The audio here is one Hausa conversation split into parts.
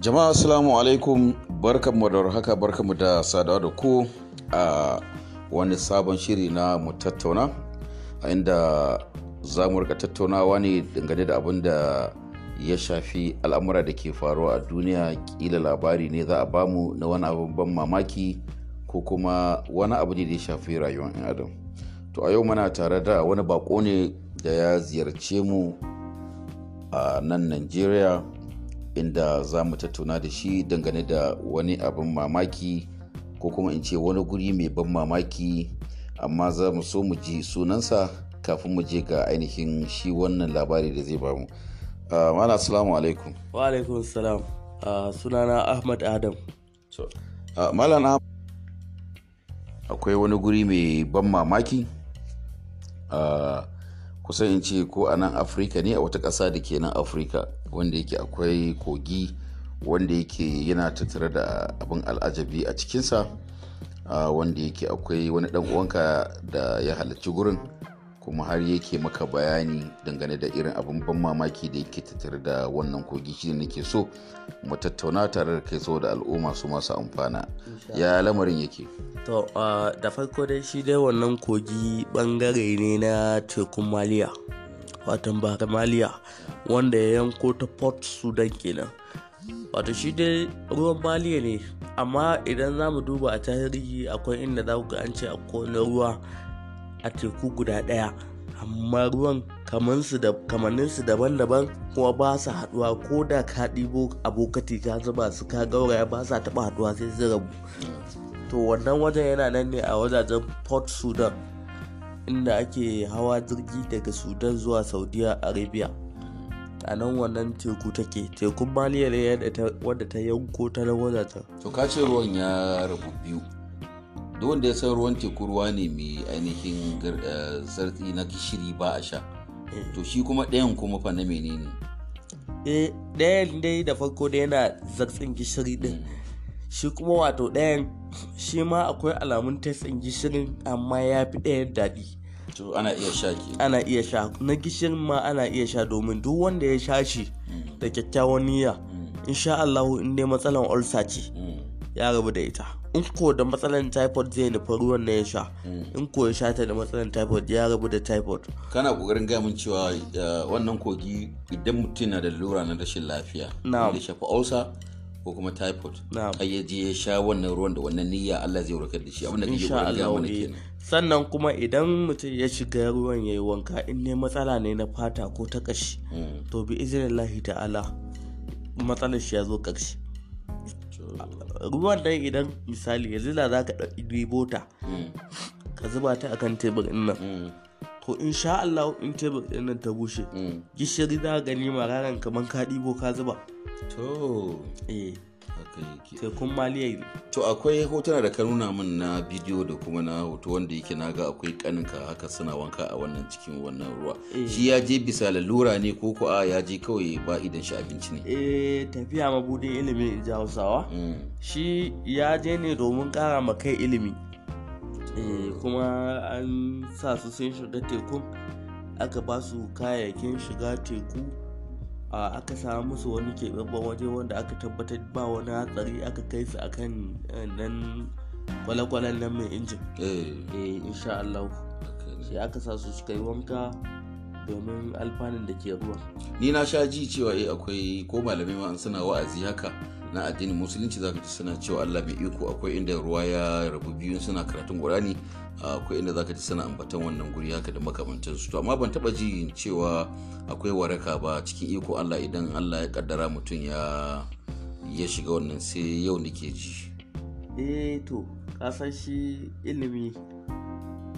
jama'a assalamu alaikum barkanmu da haka mu da sadawa da ku a wani sabon shiri na mu tattauna a inda za mu rika tattaunawa ne dangane da abin da ya shafi al'amura da ke faruwa a duniya kila labari ne za a bamu na wani abin ban mamaki ko kuma wani abu ne da ya shafi rayuwar 'yan adam to a yau muna tare da wani bako ne da ya ziyarce mu a nan najeriya inda za mu tattauna da shi dangane da wani abin mamaki ko kuma in ce wani guri mai ban mamaki amma za mu so mu ji sunansa kafin mu je ga ainihin shi wannan labari da zai bamu. Ah, Mana assalamu alaikum. Wa alaikum salam. Ah, sunana Ahmad Adam. Ah, malana akwai wani guri mai ban mamaki? kusan in ce ko a nan afirka ne a wata ƙasa da ke nan afirka wanda yake akwai kogi wanda yake yana tattare da abin al'ajabi a cikinsa ah, wanda yake akwai wani ɗan uwanka da ya halarci gurin kuma har yake maka bayani dangane da irin abin ban mamaki da yake tattare da wannan kogi shi ne nake so mu tattauna tare da kai saboda al'umma su masu amfana ya lamarin yake to da farko dai shi dai wannan kogi bangare ne na tekun maliya watan bahar maliya wanda ya yanko ta port sudan kenan wato shi dai ruwan maliya ne amma idan za mu duba a tarihi akwai inda za ku an ce a ruwa a teku guda ɗaya amma ruwan kamanninsu daban-daban kuma ba su haɗuwa ko da ka ɗibo abokati ka zuba su ka gauraya ba sa taɓa haɗuwa sai su rabu to wannan wajen yana nan ne a wajajen port sudan inda ake hawa jirgi daga sudan zuwa saudiya arabia a nan wannan teku take tekun maliya ne wadda ta yanko ta nan wajajen to ka ce ruwan ya rabu biyu duk wanda ya san ruwan teku ruwa ne mai ainihin eh, zarti na gishiri ba a sha eh. to shi kuma ɗayan kuma fa na menene eh ɗayan dai da farko da yana zartsin gishiri din mm. shi kuma wato ɗayan shi ma akwai alamun tasirin gishirin amma ya fi ɗayan daɗi to ana iya sha ke ana iya sha na gishirin ma ana iya sha domin duk wanda ya sha shi mm. da kyakkyawan niyya mm. insha Allah in dai matsalan ulcer ce ya rabu da ita in ko da matsalan typhoid zai nufa ruwan na ya sha in ko ya ta da matsalan typhoid ya rabu da typhoid kana kokarin ga mun cewa wannan kogi idan mutum na da lura na rashin lafiya da shafa ausa ko kuma typhoid na ya je ya sha wannan ruwan da wannan niyya Allah zai warkar da shi abinda da kake kokarin gaya mana eh. kenan sannan kuma idan mutum ya shiga ruwan yayi wanka in ne matsala ne na fata ko ta kashi mm. to bi iznillahi ta'ala matsalar shi ya zo kashi ruwan dai idan misali yanzu da za ka ɗebo ta ka zuba ta akan tebur ɗin nan ko in sha Allah in tebur ɗin nan ta bushe mm. gishiri za ka gani mararan kamar ka ɗibo ka zuba to eh kayayyaki sai kun to akwai hotuna da ka nuna min na bidiyo da kuma na hoto wanda yake na ga akwai kaninka haka suna wanka a wannan cikin wannan ruwa eh. shi ya je bisa lalura ne ko ko ya je kawai ba idan shi abinci ne eh tafiya mabudin ilimi in hausawa mm. shi ya je ne domin kara ma kai ilimi eh, kuma an sa su sun shiga tekun aka ba su kayayyakin shiga teku aka samu musu wani keɓaɓɓen waje wanda aka tabbatar ba wani hatsari aka kai su akan eh, nan kwale-kwalen nan mai injin eh, eh insha Allah shi aka sa su suka yi wanka domin alfanun da ke ruwa ni na sha ji cewa eh akwai ko malamai ma suna wa'azi haka na addinin musulunci zaka ka ji suna cewa Allah mai iko akwai inda ruwa ya rabu biyun suna karatun Qur'ani akwai inda za ji suna ambatan wannan guri haka da makamantan su to amma ban taba ji cewa akwai waraka ba cikin iko Allah idan Allah ya kaddara mutum ya ya shiga wannan sai yau nake ji eh to ka san shi ilimi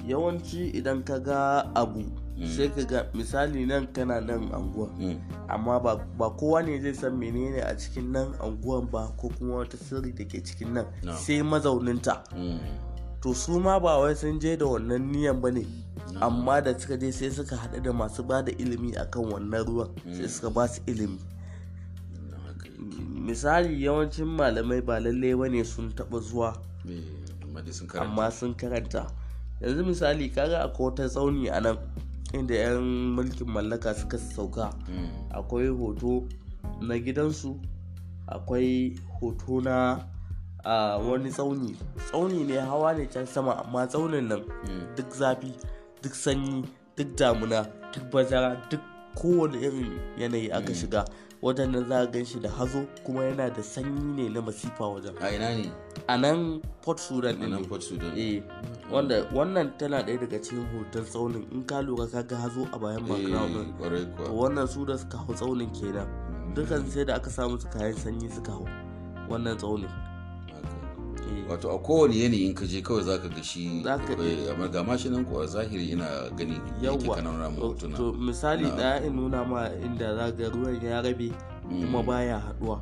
yawanci idan ka ga abu Mm. sai ka ga misali nan kana nan anguwa mm. amma ba kowa ne zai san menene a cikin nan anguwan ba ko kuma wata sirri da ke cikin nan sai mazauninta mm. to su ma ba wai sun je da wannan niyan ba ne amma da suka je sai suka haɗu da masu ba da ilimi akan wannan ruwan sai suka ba su ilimi misali yawancin malamai ba lallai ba ne sun taɓa zuwa amma sun karanta yanzu misali kaga akwai wata tsauni a nan inda 'yan mulkin mallaka suka sauka mm. akwai hoto na gidansu akwai hoto na wani tsauni tsauni ne hawa ne can sama amma tsaunin nan mm. duk zafi duk sanyi duk damuna duk bazara duk kowane irin yanayi aka hmm. shiga wajen za a gan shi da hazo kuma yana da sanyi ne na masifa wajen a ina ne a nan port sudan ne nan port sudan eh wanda wannan tana ɗaya daga cikin hoton tsaunin in ka lura ka ga hazo a bayan eh, background to wannan su da suka hau tsaunin kenan hmm. dukan sai da aka samu su kayan sanyi suka hau wannan tsaunin Eh. wato a kowane yanayin ka je kawai zaka ga shi eh, amma ga mashi nan kuwa zahiri ina gani yake kana nuna mu hotuna to misali daya in nuna ma inda zaka ruwan ya rabe mm. kuma baya haduwa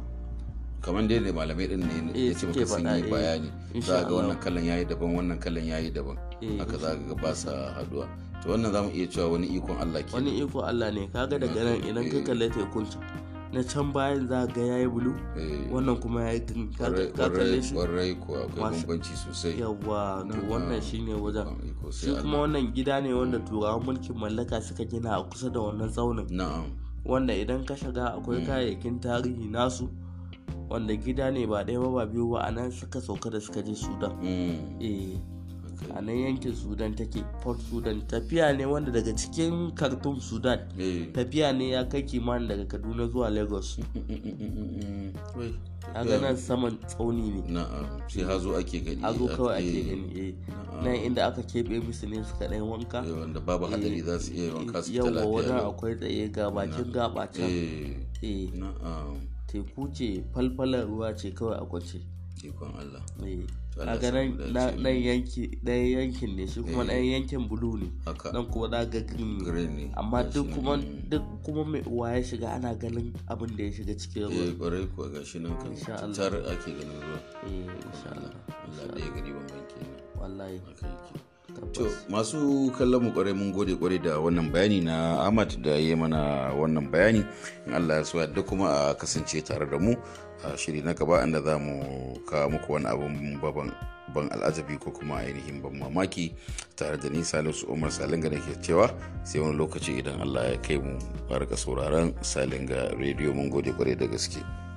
kamar dai da malamai din ne eh, ya ce maka sun yi bayani za ga wannan kallon yayi daban wannan kallon yayi daban haka za ga ba sa haduwa to wannan zamu iya cewa wani ikon Allah ke wani ikon Allah ne kaga daga mm. nan idan ka kalle tekun na can bayan za ga ya yi bulu eh. wannan kuma ya yi ka kalle shi ko akwai bambanci sosai yawa to wannan ne wajen shi kuma wannan gida ne wanda turawan mulkin mallaka suka gina a kusa da wannan tsaunin wanda idan ka shiga akwai hmm. kayayyakin tarihi nasu wanda gida ne ba ɗaya ba ba biyu ba a nan suka sauka da suka je sudan hmm. eh a nan yankin sudan take port sudan tafiya ne wanda daga cikin khartoum sudan eh. tafiya ne ya kai kimanin daga kaduna zuwa lagos a ganin saman tsauni ne sai hazo ake gani hazo kawai ake eh. gani eh. na inda aka keɓe musu ne suka ɗaya wanka wanda babu hadari za su iya wanka su talafiya yawa wajen akwai tsaye ga bakin gaba can teku ce falfalar ruwa ce kawai a kwace ikon allah kaga nan yanki ɗayan yankin ne shi kuma ɗayan eh. yankin bulu ne nan kuma na ga green ne amma duk kuma duk kuma mai uwa ya shiga ana ganin abin da ya shiga cikin ruwa eh kwarai kuwa shi nan kan tar ake ganin ruwa eh insha Allah Allah da ya gari ban banki ne wallahi to masu kallon mu kwarai mun gode kwarai da wannan bayani na Ahmad da ya mana wannan bayani in Allah ya so da kuma a kasance tare da mu a shiri na gaba inda za mu kawo muku wani abin baban ban al'ajabi ko kuma ainihin ban mamaki tare da ni salisu umar salinga da ke cewa sai wani lokaci idan allah ya kai mu barka sauraron salinga rediyo mun gode kwarai da gaske